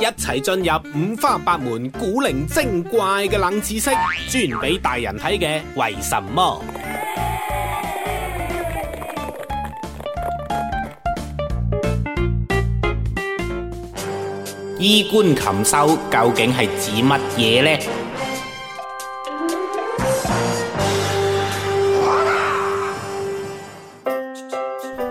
一齊進入五花八門古靈精怪嘅冷知識，專俾大人睇嘅，為什麼衣冠禽獸究竟係指乜嘢呢？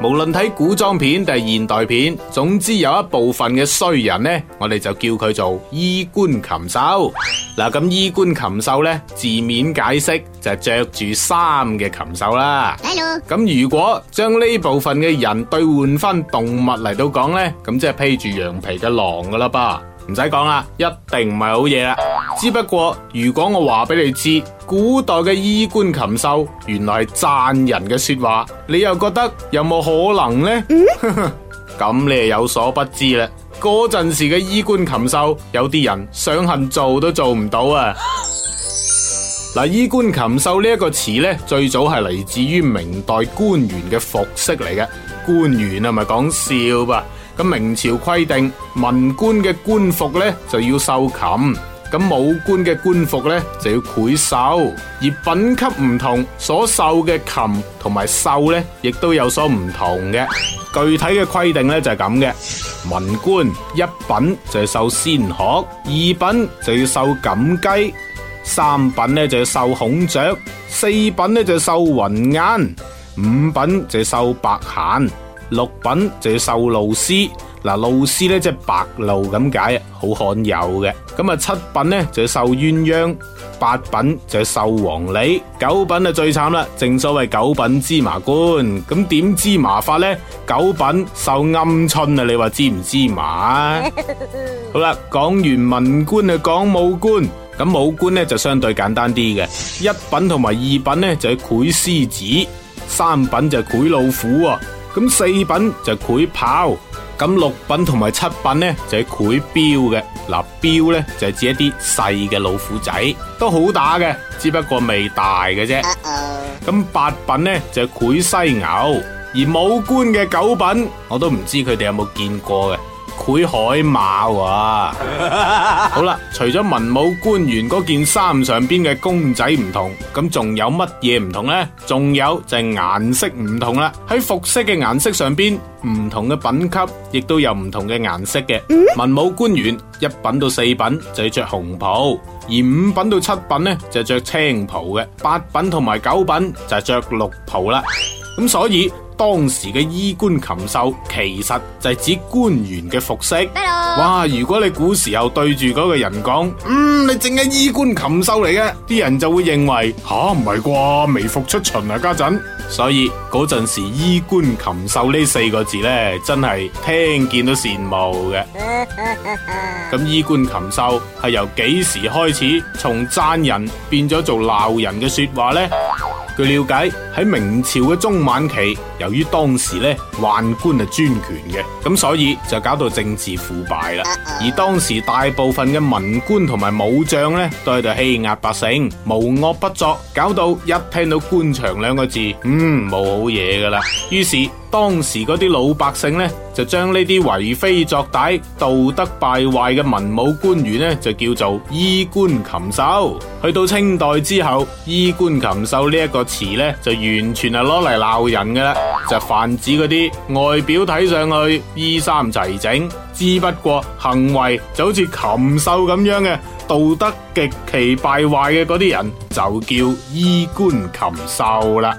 無論睇古裝片定係現代片，總之有一部分嘅衰人呢，我哋就叫佢做衣冠禽獸。嗱，咁 衣冠禽獸呢，字面解釋就係着住衫嘅禽獸啦。咁 Hello. 如果將呢部分嘅人兌換翻動物嚟到講呢，咁即係披住羊皮嘅狼噶啦噃。唔使講啦，一定唔係好嘢啦。只不過如果我話俾你知，古代嘅衣冠禽獸原來係讚人嘅說話，你又覺得有冇可能呢？咁、嗯、 你又有所不知啦。嗰陣時嘅衣冠禽獸，有啲人想恨做都做唔到啊。嗱， 衣冠禽獸呢一個詞呢，最早係嚟自於明代官員嘅服飾嚟嘅，官員係咪講笑吧？咁明朝規定，文官嘅官服呢就要繡禽，咁武官嘅官服呢就要繪獸，而品級唔同，所繡嘅禽同埋獸呢亦都有所唔同嘅。具體嘅規定呢就係咁嘅：文官一品就係繡仙鶴，二品就要繡錦雞，三品呢就要繡孔雀，四品呢就繡雲雁，五品就繡白鷳。六品就要繡鷺鷥，嗱鷺鷥咧即係白鷺咁解啊，好罕有嘅。咁啊七品咧就要繡鴛鴦，八品就係繡黃鸝；九品啊最慘啦，正所謂九品芝麻官。咁點芝麻法咧？九品繡鵪鶉啊，你話知唔知嘛？ 好啦，講完文官就講武官，咁武官咧就相對簡單啲嘅。一品同埋二品咧就係繪獅子，三品就係繪老虎啊。咁四品就繪豹，咁六品同埋七品咧就繪彪嘅，嗱彪咧就係指一啲細嘅老虎仔，都好打嘅，只不過未大嘅啫。咁、uh oh. 八品咧就繪犀牛，而武官嘅九品我都唔知佢哋有冇見過嘅。會海馬啊！ 好啦，除咗文武官員嗰件衫上邊嘅公仔唔同，咁仲有乜嘢唔同呢？仲有就係顏色唔同啦。喺服飾嘅顏色上邊，唔同嘅品級亦都有唔同嘅顏色嘅。嗯、文武官員一品到四品就要着紅袍，而五品到七品呢就係着青袍嘅，八品同埋九品就着綠袍啦。咁所以。當時嘅衣冠禽獸其實就係指官員嘅服飾。Hello. 哇，如果你古時候對住嗰個人講，嗯，你淨係衣冠禽獸嚟嘅，啲人就會認為吓唔係啩，微服出巡啊家陣。所以嗰陣時衣冠禽獸呢四個字呢，真係聽見都羨慕嘅。咁 衣冠禽獸係由幾時開始從讚人變咗做鬧人嘅說話呢？據了解喺明朝嘅中晚期，由於當時呢，宦官係專權嘅，咁所以就搞到政治腐敗啦。而當時大部分嘅文官同埋武將呢，都喺度欺壓百姓，無惡不作，搞到一聽到官場兩個字，嗯，冇好嘢㗎啦。於是。當時嗰啲老百姓呢，就將呢啲為非作歹、道德敗壞嘅文武官員呢，就叫做衣冠禽獸。去到清代之後，衣冠禽獸呢一個詞呢，就完全係攞嚟鬧人噶啦，就泛指嗰啲外表睇上去衣衫齊整，之不過行為就好似禽獸咁樣嘅，道德極其敗壞嘅嗰啲人，就叫衣冠禽獸啦。